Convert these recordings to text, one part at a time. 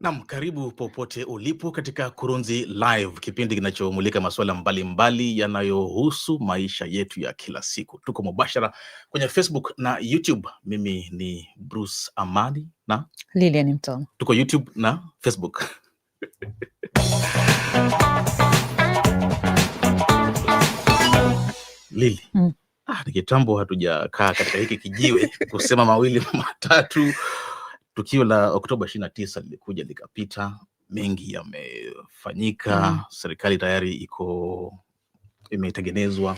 Nam, karibu popote ulipo katika Kurunzi Live, kipindi kinachomulika masuala mbalimbali yanayohusu maisha yetu ya kila siku. Tuko mubashara kwenye Facebook na YouTube. Mimi ni Bruce Amani na Lilian Mtono, tuko YouTube na Facebook. Lili, mm. Ah, ni kitambo hatujakaa katika hiki kijiwe kusema mawili matatu Tukio la Oktoba ishirini na tisa lilikuja likapita, mengi yamefanyika. mm. Serikali tayari iko imetengenezwa.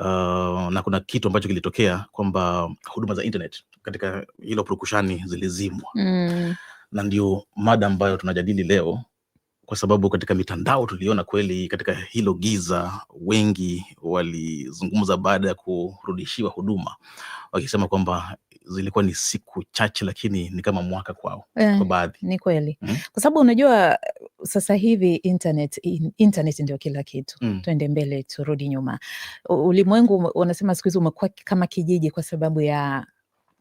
Uh, na kuna kitu ambacho kilitokea kwamba huduma za internet katika hilo purukushani zilizimwa. mm. na ndio mada ambayo tunajadili leo, kwa sababu katika mitandao tuliona kweli katika hilo giza wengi walizungumza baada ya kurudishiwa huduma, wakisema kwamba zilikuwa ni siku chache, lakini ni kama mwaka kwao eh, kwa baadhi ni kweli mm -hmm. kwa sababu unajua sasa hivi internet, internet ndio kila kitu mm. Tuende mbele turudi nyuma, ulimwengu unasema siku hizi umekuwa kama kijiji kwa sababu ya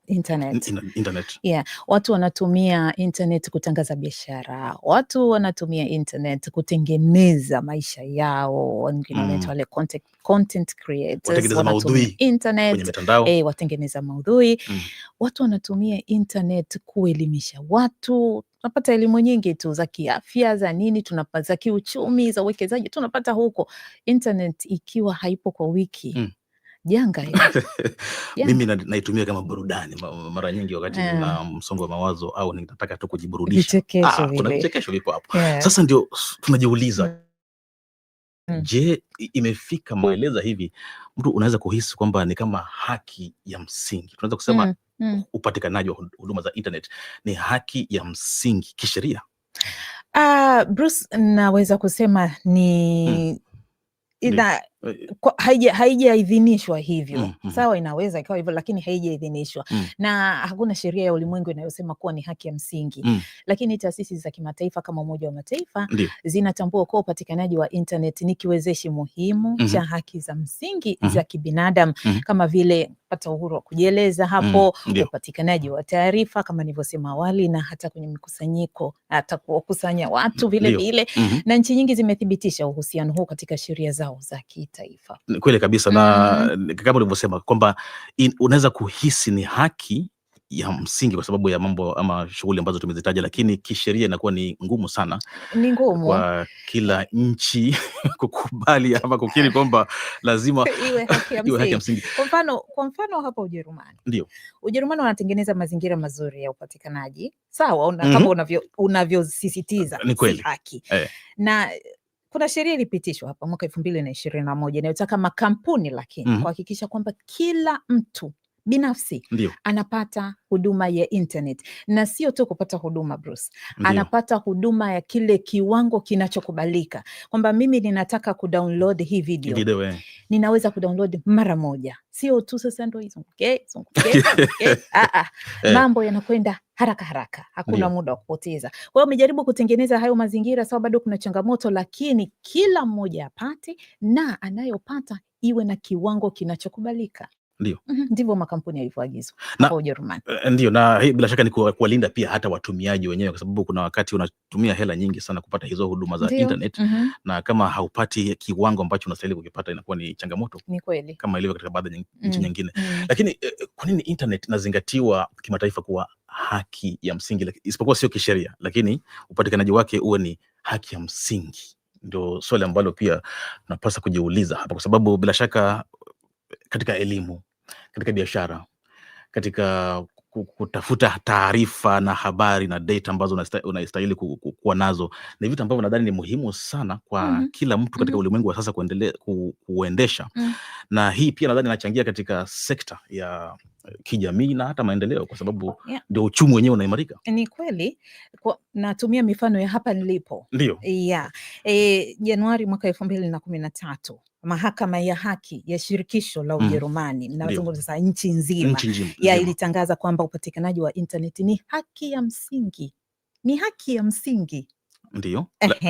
internet. internet. Yeah. Watu wanatumia internet kutangaza biashara, watu wanatumia internet kutengeneza maisha yao, wengine mm. wanaitwa wale content, content creators, wanatumia internet eh, watengeneza maudhui mm. Watu wanatumia internet kuelimisha watu tunapata elimu nyingi tu za kiafya za nini tunapata, za kiuchumi za uwekezaji tunapata huko internet, ikiwa haipo kwa wiki mm janga yeah. Mimi naitumia kama burudani mara nyingi wakati yeah. na msongo wa mawazo au ninataka tu kujiburudishakuna Ah, vichekesho vipo hapo yeah. Sasa ndio tunajiuliza mm. Je, imefika mm. maeleza hivi mtu unaweza kuhisi kwamba ni kama haki ya msingi tunaweza kusema mm. Mm. upatikanaji wa huduma za internet ni haki ya msingi kisheria? Uh, Bruce, naweza kusema ni mm. ina haijaidhinishwa hivyo mm, mm. Sawa, inaweza ikawa hivyo, lakini haijaidhinishwa mm. na hakuna sheria ya ulimwengu inayosema kuwa ni haki ya msingi mm. Lakini taasisi za kimataifa kama Umoja wa Mataifa zinatambua kuwa upatikanaji wa internet ni kiwezeshi muhimu mm -hmm. cha haki za msingi mm -hmm. za kibinadamu mm -hmm. kama vile pata uhuru wa kujieleza hapo mm, upatikanaji wa taarifa kama nilivyosema awali, na hata kwenye mikusanyiko hata kuwakusanya watu vile vile mm -hmm. na nchi nyingi zimethibitisha uhusiano huu katika sheria zao za ki kitaifa. Kweli kabisa mm -hmm. Na mm-hmm. kama ulivyosema kwamba unaweza kuhisi ni haki ya msingi kwa sababu ya mambo ama shughuli ambazo tumezitaja, lakini kisheria inakuwa ni ngumu sana, ni ngumu kwa kila nchi kukubali ama kukiri kwamba lazima iwe haki ya msingi, msingi. Kwa mfano, kwa mfano hapa Ujerumani ndio, Ujerumani wanatengeneza mazingira mazuri ya upatikanaji sawa una, mm -hmm. kama mm-hmm. unavyosisitiza unavyo, ni kweli haki eh. na kuna sheria ilipitishwa hapa mwaka elfu mbili na ishirini na moja inayotaka makampuni lakini mm -hmm. kuhakikisha kwamba kila mtu binafsi Ndiyo. anapata huduma ya internet na sio tu kupata huduma Bruce, anapata huduma ya kile kiwango kinachokubalika kwamba mimi ninataka kudownload hii video, eh. ninaweza kudownload mara moja, sio tu sasa ndo izunguke ah, ah. eh. mambo yanakwenda haraka haraka, hakuna Ndiyo. muda wa kupoteza. Kwa hiyo umejaribu kutengeneza hayo mazingira, sawa, bado kuna changamoto, lakini kila mmoja apate na anayopata iwe na kiwango kinachokubalika. Ndio mhm. ndivyo makampuni yalivyoagizwa kwa Ujerumani. Eh, eh, ndio, na hii bila shaka ni kuwalinda pia hata watumiaji wenyewe, kwa sababu kuna wakati unatumia hela nyingi sana kupata hizo huduma za internet mm -hmm. na kama haupati kiwango ambacho unastahili kukipata inakuwa ni changamoto. Ni kweli, kama ilivyo katika baadhi ya nchi mm -hmm. nyingine mm -hmm. Lakini eh, kwa nini internet inazingatiwa kimataifa kuwa haki ya msingi, isipokuwa sio kisheria, lakini upatikanaji wake uwe ni haki ya msingi? Ndio swali ambalo pia unapasa kujiuliza hapa, kwa sababu bila shaka katika elimu, katika biashara, katika kutafuta taarifa na habari na data ambazo unastahili kuwa nazo, ni vitu ambavyo nadhani ni muhimu sana kwa mm -hmm. kila mtu katika mm -hmm. ulimwengu wa sasa kuendele, ku, kuendesha mm -hmm. na hii pia nadhani inachangia katika sekta ya kijamii na hata maendeleo, kwa sababu ndio yeah. uchumi wenyewe unaimarika. Ni kweli kwa, natumia mifano ya hapa nilipo ndio yeah. E, Januari mwaka elfu mbili na kumi na tatu mahakama ya haki ya shirikisho la mm-hmm. Ujerumani mm. Nazungumza sasa nchi nzima ya ilitangaza kwamba upatikanaji wa intaneti ni haki ya msingi, ni haki ya msingi ndio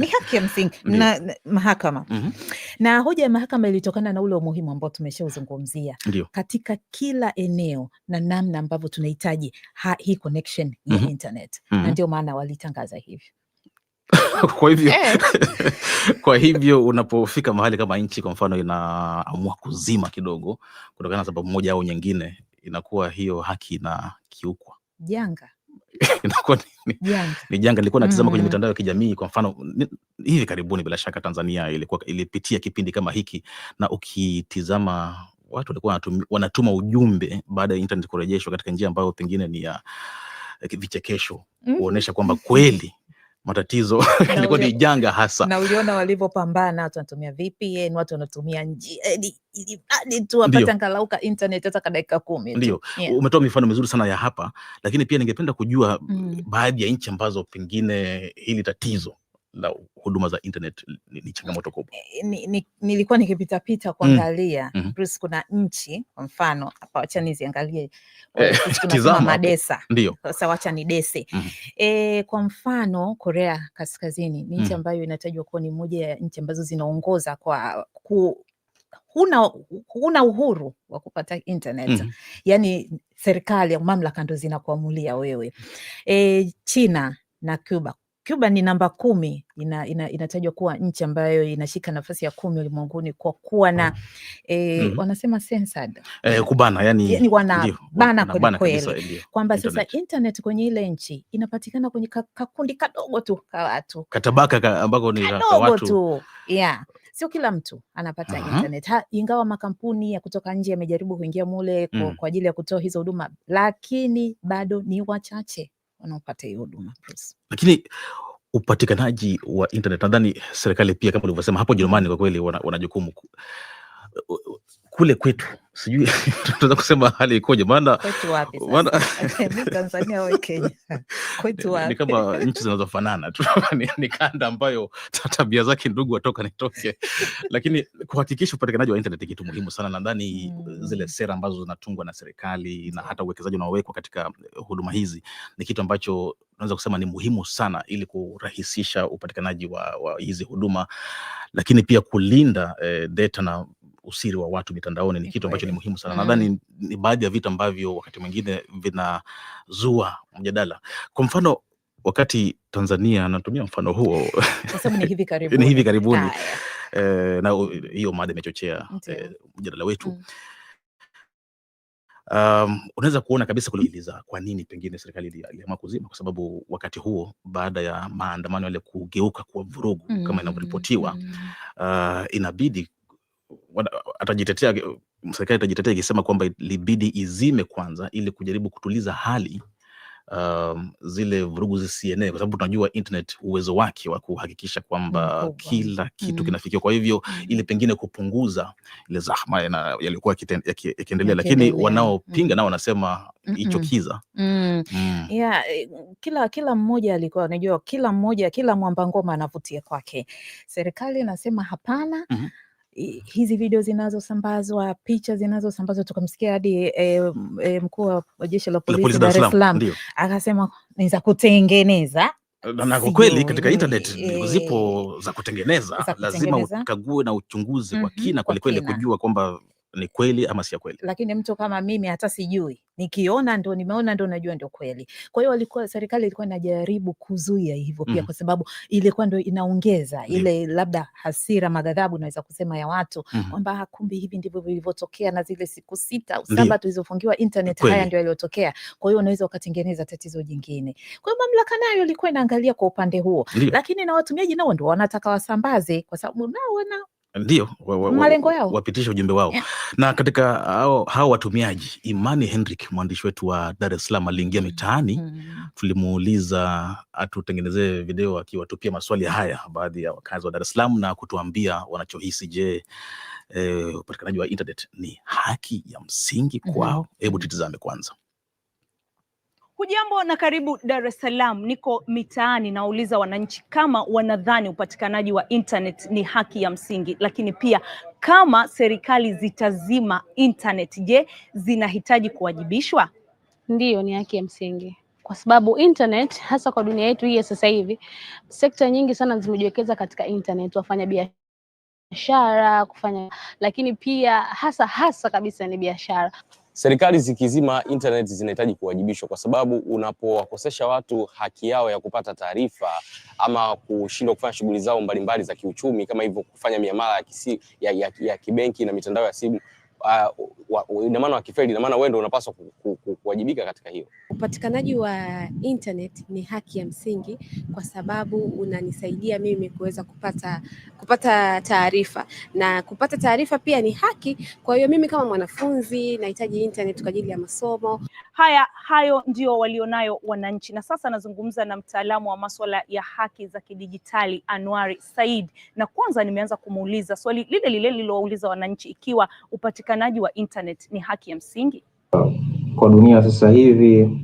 ni haki ya msingi na, na mahakama mm -hmm. Na hoja ya mahakama ilitokana na ule umuhimu ambao tumeshauzungumzia katika kila eneo na namna ambavyo tunahitaji hii connection ya mm -hmm. internet mm -hmm. Na mm-hmm. ndio maana walitangaza hivyo. kwa hivyo eh. kwa hivyo unapofika mahali kama nchi kwa mfano inaamua kuzima kidogo kutokana na sababu moja au nyingine, inakuwa hiyo haki inakiukwa, janga inakuwa ni, ni janga. Nilikuwa natizama mm kwenye mitandao ya kijamii kwa mfano hivi karibuni, bila shaka Tanzania ilikuwa ilipitia kipindi kama hiki, na ukitizama watu walikuwa wanatuma ujumbe baada ya internet kurejeshwa katika njia ambayo pengine ni ya eh, vichekesho mm. kuonyesha kwamba kweli matatizo ilikuwa ni janga hasa, na uliona walivyopambana, watu wanatumia VPN, watu wanatumia njia ili tu apate angalau ka internet hata kwa dakika kumi. Ndio yeah. Umetoa mifano mizuri sana ya hapa, lakini pia ningependa kujua mm. baadhi ya nchi ambazo pengine hili tatizo la huduma za internet ni, ni changamoto kubwa. Eh, eh, ni, ni, nilikuwa nikipitapita mm. kuangalia mm. mm -hmm. kuna nchi kwa mfano hapa, wacha niziangalie eh, eh madesa ndio sasa, wacha ni dese mm -hmm. e, kwa mfano Korea Kaskazini ni nchi mm. ambayo mm -hmm. inatajwa kuwa ni moja ya nchi ambazo zinaongoza kwa ku, huna, huna uhuru wa kupata internet mm -hmm. yani serikali au mamlaka ndo zinakuamulia wewe. E, China na Cuba Cuba ni namba kumi, inatajwa ina, ina kuwa nchi ambayo inashika nafasi ya kumi ulimwenguni kwa kuwa na mm. E, mm. wanasema censored eh, kubana yani, yani wanabana kwelikweli, kwamba sasa internet kwenye ile nchi inapatikana kwenye kakundi kadogo tu ka watu katabaka ambako ni kadogo tu yeah sio kila mtu anapata Aha. internet ha, ingawa makampuni ya kutoka nje yamejaribu kuingia mule mm. kwa ajili ya kutoa hizo huduma, lakini bado ni wachache wanaopata hiyo huduma lakini upatikanaji wa internet nadhani serikali pia kama ulivyosema hapo Jerumani, kwa kweli wana, wana jukumu kule kwetu sijui tunaweza kusema hali ikoje? Maana ni kama nchi zinazofanana tu, ni kanda ambayo tabia zake ndugu watoka nitoke. Lakini kuhakikisha upatikanaji wa internet ni kitu muhimu sana, nadhani mm. zile sera ambazo zinatungwa na serikali na hata uwekezaji unaowekwa katika eh, huduma hizi ni kitu ambacho naweza kusema ni muhimu sana ili kurahisisha upatikanaji wa, wa hizi huduma, lakini pia kulinda eh, data na usiri wa watu mitandaoni ni kitu ambacho ni muhimu sana. Mm. Nadhani ni baadhi ya vitu ambavyo wakati mwingine vinazua mjadala. Kwa mfano, wakati Tanzania, anatumia mfano huo ni hivi karibuni, eh, na hiyo mada imechochea eh, mjadala wetu mm. Um, unaweza kuona kabisa kuliuliza kwa nini pengine serikali iliamua kuzima, kwa sababu wakati huo baada ya maandamano yale kugeuka kuwa vurugu mm, kama mm-hmm. inavyoripotiwa mm, uh, inabidi atajitetea, serikali itajitetea ikisema kwamba libidi izime kwanza ili kujaribu kutuliza hali Um, zile vurugu zisienee kwa sababu tunajua internet uwezo wake wa kuhakikisha kwamba kila kitu mm, kinafikiwa. Kwa hivyo mm, ili pengine kupunguza ile zahma yaliyokuwa yakiendelea, lakini wanaopinga mm, nao wanasema hicho kiza mm. mm. yeah, kila kila mmoja alikuwa unajua, kila mmoja kila mwamba ngoma anavutia kwake. Serikali inasema hapana mm -hmm hizi video zinazosambazwa, picha zinazosambazwa, tukamsikia hadi e, e, mkuu wa jeshi la polisi Dar es Salaam akasema ni za kutengeneza na kwa kweli katika internet eh, zipo za kutengeneza, Lazima ukague na uchunguzi mhm, kwa kina kwelikweli kujua kwamba ni kweli ama sio kweli, lakini mtu kama mimi hata sijui, nikiona ndo nimeona ndo najua ndo kweli. Kwa hiyo walikuwa, serikali ilikuwa inajaribu kuzuia hivyo pia mm. kwa sababu ilikuwa ndo inaongeza ile labda hasira, maghadhabu naweza kusema ya watu mm -hmm. kwamba ah, kumbe hivi ndivyo vilivyotokea, na zile siku sita au saba tulizofungiwa internet, kweli. haya ndio yaliyotokea. Kwa hiyo unaweza ukatengeneza tatizo jingine. Kwa hiyo mamlaka nayo ilikuwa inaangalia kwa upande huo, lakini na watumiaji nao ndio wanataka wasambaze, kwa sababu nao wana ndio malengo yao wapitishe ujumbe wao yeah. Na katika hao watumiaji, Imani henrik mwandishi wetu wa Dar es Salaam, aliingia mm-hmm. mitaani mm -hmm. Tulimuuliza atutengenezee video akiwatupia maswali haya baadhi ya wakazi wa Dar es Salaam na kutuambia wanachohisi. Je, eh, upatikanaji wa internet ni haki ya msingi kwao? mm -hmm. Hebu tutizame kwanza. Hujambo na karibu Dar es Salaam. Niko mitaani, nawauliza wananchi kama wanadhani upatikanaji wa internet ni haki ya msingi, lakini pia kama serikali zitazima internet, je, zinahitaji kuwajibishwa? Ndiyo, ni haki ya msingi kwa sababu internet hasa kwa dunia yetu hii ya sasa hivi, sekta nyingi sana zimejiwekeza katika internet, wafanya biashara kufanya, lakini pia hasa hasa kabisa ni biashara Serikali zikizima internet zinahitaji kuwajibishwa, kwa sababu unapowakosesha watu haki yao ya kupata taarifa ama kushindwa kufanya shughuli zao mbalimbali za kiuchumi, kama hivyo kufanya miamala ya, ya, ya, ya kibenki na mitandao ya simu, uh, ina maana wakifeli, ina maana wewe ndio unapaswa kuwajibika katika hiyo. Upatikanaji wa internet ni haki ya msingi, kwa sababu unanisaidia mimi kuweza kupata kupata taarifa na kupata taarifa pia ni haki. Kwa hiyo mimi kama mwanafunzi nahitaji internet kwa ajili ya masomo haya. Hayo ndio walionayo wananchi, na sasa nazungumza na mtaalamu wa masuala ya haki za kidijitali Anwari Said, na kwanza nimeanza kumuuliza swali lile lile lilowauliza wananchi ikiwa upatikanaji upatikanaji wa internet ni haki ya msingi kwa dunia sasa hivi?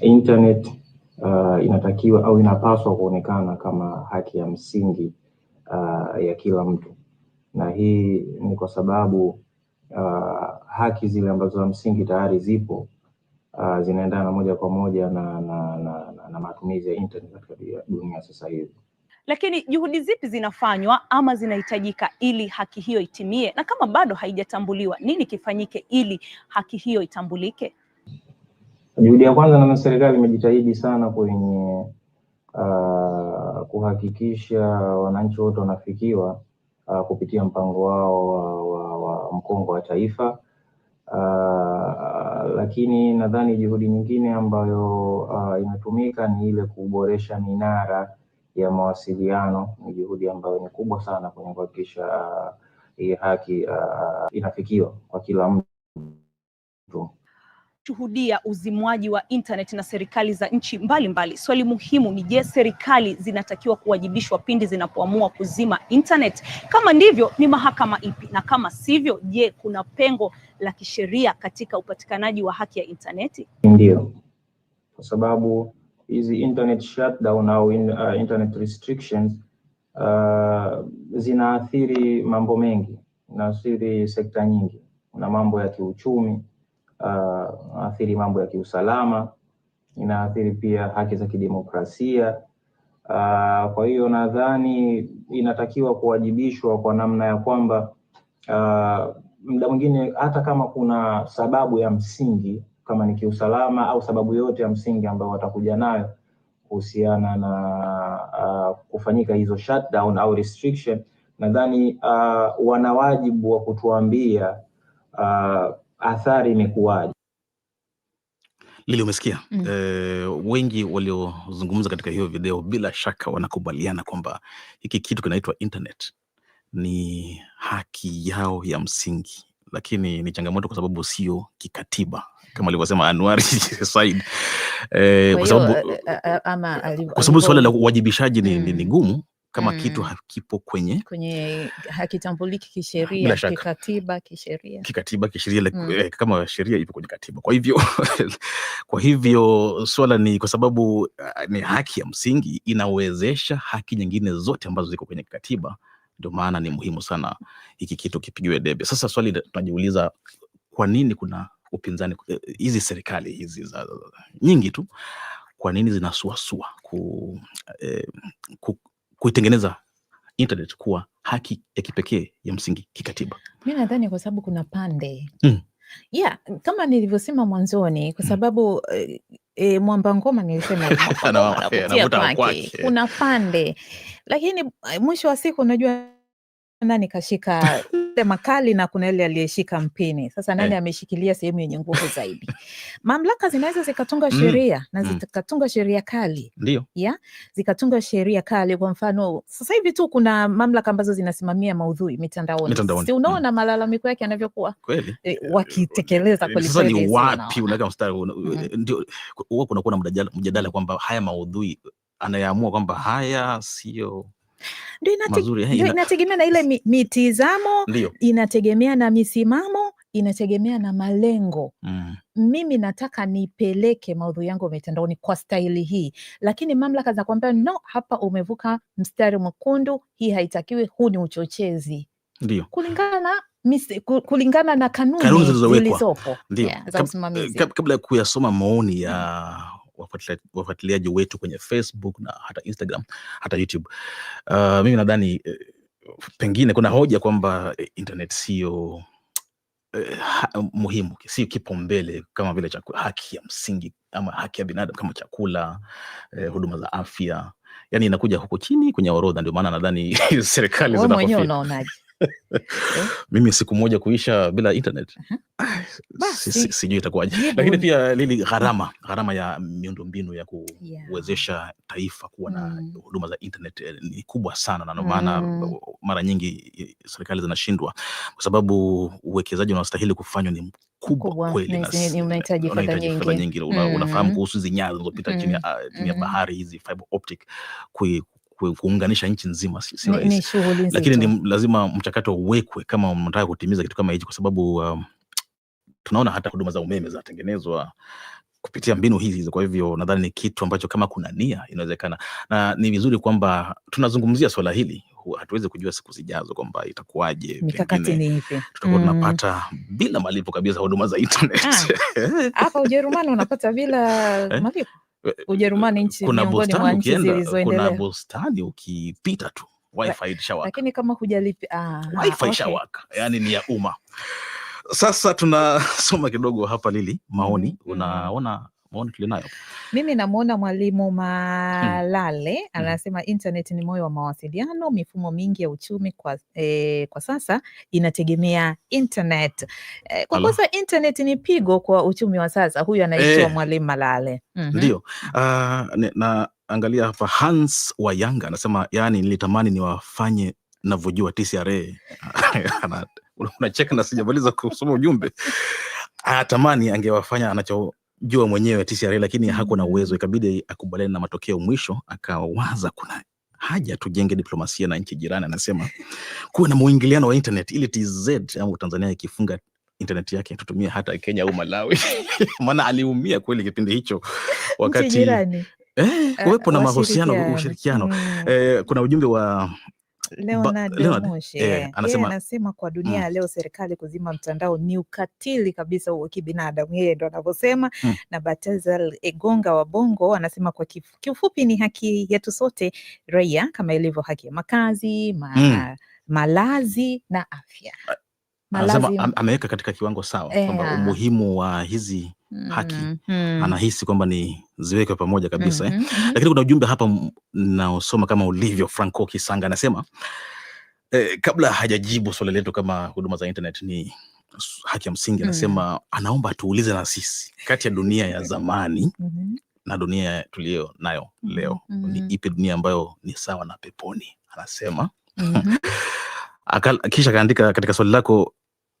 Internet uh, inatakiwa au inapaswa kuonekana kama haki ya msingi uh, ya kila mtu, na hii ni kwa sababu uh, haki zile ambazo za msingi tayari zipo uh, zinaendana moja kwa moja na, na, na, na, na matumizi ya internet katika dunia sasa hivi. Lakini juhudi zipi zinafanywa ama zinahitajika ili haki hiyo itimie, na kama bado haijatambuliwa, nini kifanyike ili haki hiyo itambulike? Juhudi ya kwanza, na serikali imejitahidi sana kwenye uh, kuhakikisha wananchi wote wanafikiwa uh, kupitia mpango wao wa, wa, wa mkongo wa taifa. Uh, lakini nadhani juhudi nyingine ambayo uh, inatumika ni ile kuboresha minara ya mawasiliano ni juhudi ambayo ni kubwa sana kwenye kuhakikisha uh, hii haki uh, inafikiwa kwa kila mtu. Shuhudia uzimwaji wa internet na serikali za nchi mbalimbali mbali. Swali muhimu ni je, serikali zinatakiwa kuwajibishwa pindi zinapoamua kuzima internet? Kama ndivyo, ni mahakama ipi? Na kama sivyo, je, kuna pengo la kisheria katika upatikanaji wa haki ya intaneti? Ndiyo, kwa sababu hizi internet shutdown au in, uh, internet restrictions uh, zinaathiri mambo mengi, inaathiri sekta nyingi. Kuna mambo ya kiuchumi, uh, inaathiri uh, mambo ya kiusalama, inaathiri pia haki za kidemokrasia. Uh, kwa hiyo nadhani inatakiwa kuwajibishwa kwa namna ya kwamba uh, muda mwingine hata kama kuna sababu ya msingi kama ni kiusalama au sababu yoyote ya msingi ambayo watakuja nayo kuhusiana na uh, kufanyika hizo shutdown au restriction, nadhani uh, wana wajibu wa kutuambia uh, athari imekuwaje. Lili, umesikia mm. E, wengi waliozungumza katika hiyo video bila shaka wanakubaliana kwamba hiki kitu kinaitwa internet ni haki yao ya msingi, lakini ni changamoto kwa sababu sio kikatiba kama alivyosema Anwar Said kwa sababu suala la uwajibishaji ni, mm. ni gumu kama mm. kitu hakipo kwenye kwenye hakitambuliki kisheria kikatiba kisheria kikatiba kisheria mm. Eh, kama sheria ipo kwenye katiba. Kwa hivyo kwa hivyo swala ni kwa sababu eh, ni haki ya msingi inawezesha haki nyingine zote ambazo ziko kwenye katiba, ndio maana ni muhimu sana hiki kitu kipigiwe debe. Sasa swali tunajiuliza, kwa nini kuna upinzani, eh, hizi serikali hizi za nyingi tu, kwa nini zinasuasua ku, eh, ku, kuitengeneza internet kuwa haki ya kipekee ya msingi kikatiba? Mi nadhani kwa sababu kuna pande mm. Yeah, kama nilivyosema mwanzoni kwa mm. sababu mm. E, Mwamba Ngoma nilisema kuna pande, lakini mwisho wa siku unajua nikashika ile makali na kuna yule aliyeshika mpini. Sasa nani eh. ameshikilia sehemu yenye nguvu zaidi? Mamlaka zinaweza zikatunga mm. sheria mm, na zikatunga sheria kali, ndio ya zikatunga sheria kali. Kwa mfano sasa hivi tu kuna mamlaka ambazo zinasimamia maudhui mitandaoni, mitandaoni. Si unaona mm, malalamiko yake yanavyokuwa kweli eh, wakitekeleza kweli Sasa ni wapi unaweka mstari? Mm-hmm. Ndio huwa kunakuwa na mjadala kwamba haya maudhui anayeamua kwamba haya sio ndio eh, inategemea na ile mitizamo inategemea na misimamo inategemea na malengo mm. Mimi nataka nipeleke maudhui yangu mitandaoni kwa staili hii, lakini mamlaka za kuambia no, hapa umevuka mstari mwekundu, hii haitakiwi, huu ni uchochezi, kulingana na kulingana na kanuni zilizopo, yeah, Kabla ya kuyasoma maoni ya mm wafuatiliaji wetu kwenye Facebook na hata Instagram, hata YouTube. Uh, mimi nadhani eh, pengine kuna hoja kwamba eh, internet sio uh, eh, muhimu sio kipaumbele kama vile chakula, haki ya msingi ama haki ya binadamu kama chakula uh, huduma za afya, yani inakuja huko chini kwenye orodha. Ndio maana nadhani serikali Eh? mimi siku moja kuisha bila internet sijui itakuwaje, lakini pia lili gharama gharama ya miundombinu ya kuwezesha yeah. taifa kuwa na mm. huduma za internet eh, ni kubwa sana, na ndio maana mm. mara nyingi eh, serikali zinashindwa kwa sababu uwekezaji unaostahili kufanywa ni mkubwa kweli, unahitaji fedha nyingi. Unafahamu mm. kuhusu hizi nyaya zinazopita chini ya mm. mm. bahari, hizi fiber optic kuunganisha nchi nzima si rahisi, lakini ni lazima mchakato uwekwe kama unataka kutimiza kitu kama hichi, kwa sababu um, tunaona hata huduma za umeme zinatengenezwa kupitia mbinu hizi. Kwa hivyo nadhani ni kitu ambacho kama kuna nia inawezekana, na ni vizuri kwamba tunazungumzia swala hili. Hatuwezi kujua siku zijazo kwamba itakuwaje, mikakati ni ipi tutakuwa mm. tunapata mm. bila malipo kabisa huduma za ah, internet hapa Ujerumani unapata bila eh? malipo Eh, Ujerumani nchi miongoni mwa nchi zilizoendelea. Kuna bustani ukipita tu wifi ilishawaka, lakini kama hujalipi ah, wifi ishawaka okay. Yani ni ya umma. Sasa tunasoma kidogo hapa, Lili, maoni mm -hmm. Unaona maoni tulionayo. Mimi namwona Mwalimu hmm. Malale hmm. anasema internet ni moyo wa mawasiliano, mifumo mingi ya uchumi kwa, eh, kwa sasa inategemea internet eh, kwa kosa internet ni pigo kwa uchumi wa sasa. Huyu anaitwa eh, Mwalimu Malale mhm. ndio. mm -hmm. uh, na angalia hapa Hans wa Yanga anasema yani, nilitamani niwafanye navyojua TCRA unacheka na sijamaliza kusoma ujumbe. Anatamani angewafanya anacho jua mwenyewe TCRA, lakini mm-hmm. hakuna uwezo, ikabidi akubaliane na matokeo. Mwisho akawaza kuna haja tujenge diplomasia na nchi jirani. Anasema kuwe na mwingiliano wa internet ili TZ au Tanzania ikifunga internet yake tutumie hata Kenya au Malawi maana aliumia kweli kipindi hicho wakati eh, eh, kuwepo eh, na mahusiano ushirikiano. Mm. Eh, kuna ujumbe wa Leonard eh, yeah, anasema, anasema kwa dunia mm. ya mm. leo serikali kuzima mtandao ni ukatili kabisa wa kibinadamu, yeye ndo anavyosema mm. na Baltazar Egonga wa Bongo anasema kwa kifupi ni haki yetu sote raia kama ilivyo haki ya makazi ma, mm. malazi na afya. ameweka katika kiwango sawa yeah. kwamba umuhimu wa hizi haki mm-hmm. mm -hmm. Anahisi kwamba ni ziwekwe pamoja kabisa mm -hmm. eh? Mm-hmm. Lakini kuna ujumbe hapa naosoma kama ulivyo. Franco Kisanga anasema eh, kabla hajajibu swali letu kama huduma za internet ni haki ya msingi, mm. anasema mm -hmm. anaomba tuulize na sisi kati ya dunia ya zamani mm -hmm. na dunia tuliyo nayo leo mm -hmm. ni ipi dunia ambayo ni sawa na peponi? Anasema mm -hmm. kisha akaandika katika swali lako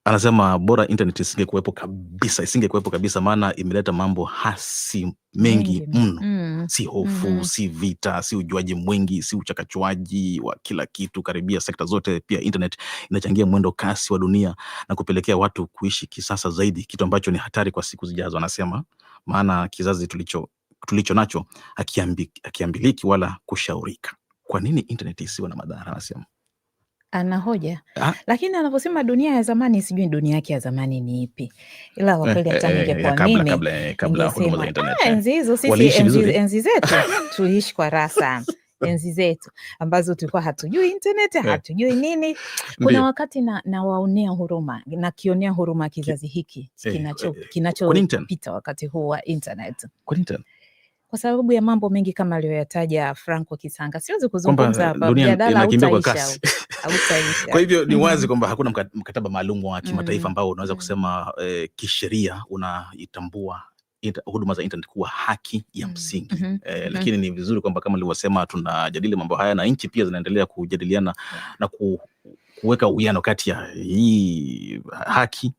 anasema bora internet isingekuwepo kabisa, isingekuwepo kabisa, maana imeleta mambo hasi mengi mno mm. si hofu mm. si vita, si ujuaji mwingi, si uchakachuaji wa kila kitu, karibia sekta zote. Pia internet inachangia mwendo kasi wa dunia na kupelekea watu kuishi kisasa zaidi, kitu ambacho ni hatari kwa siku zijazo, anasema, maana kizazi tulicho tulicho nacho hakiambiliki wala kushaurika. Kwa nini internet isiwe na madhara? Anasema anahoja ah. Lakini anavyosema dunia ya zamani, sijui dunia yake ya zamani ni ipi, ila kwa kweli eh, hata eh, ningekuwa eh, mimi ah, enzi hizo, sisi enzi zetu tuliishi kwa raha sana enzi zetu ambazo tulikuwa hatujui intaneti hatujui nini. Kuna wakati na nawaonea huruma nakionea huruma kizazi hiki kinachopita kinacho wakati huu wa intaneti kwa sababu ya mambo mengi kama aliyoyataja Franco Kisanga. Siwezi kuzungumza hapa, mjadala hautaisha. Kwa hivyo ni wazi mm-hmm. kwamba hakuna mkataba maalum wa mm-hmm. kimataifa ambao unaweza mm-hmm. kusema eh, kisheria unaitambua huduma za internet kuwa haki ya msingi mm -hmm. Eh, lakini mm -hmm. ni vizuri kwamba kama nilivyosema, tunajadili mambo haya na nchi pia zinaendelea kujadiliana na ku, kuweka uwiano kati ya hii haki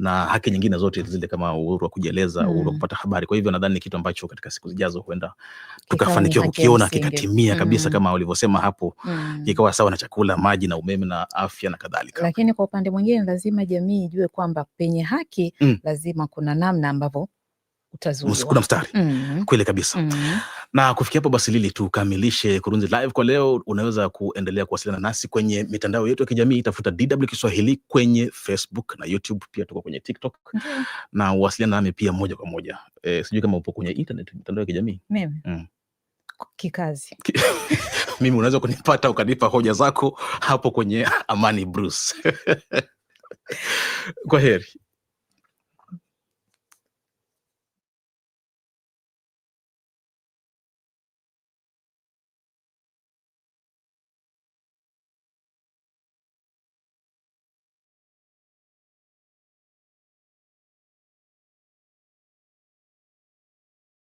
na haki nyingine zote mm. zile kama uhuru wa kujieleza, uhuru wa mm. kupata habari. Kwa hivyo nadhani ni kitu ambacho katika siku zijazo huenda tukafanikiwa kukiona kikatimia kabisa, mm. kama ulivyosema hapo, ikawa sawa na chakula, maji na umeme na afya na kadhalika. Lakini kwa upande mwingine, lazima jamii ijue kwamba penye haki lazima kuna namna ambavyo utazuiwa, kuna mstari kweli kabisa. Na kufikia hapo basi, Lili, tukamilishe Kurunzi Live kwa leo. Unaweza kuendelea kuwasiliana nasi kwenye mitandao yetu ya kijamii, itafuta DW Kiswahili kwenye Facebook na YouTube, pia tuko kwenye TikTok mm. na uwasiliana nami pia moja kwa moja e, sijui kama upo kwenye internet, mitandao ya kijamii mm. kikazi mimi unaweza kunipata ukanipa hoja zako hapo kwenye Amani Bruce. Kwa heri.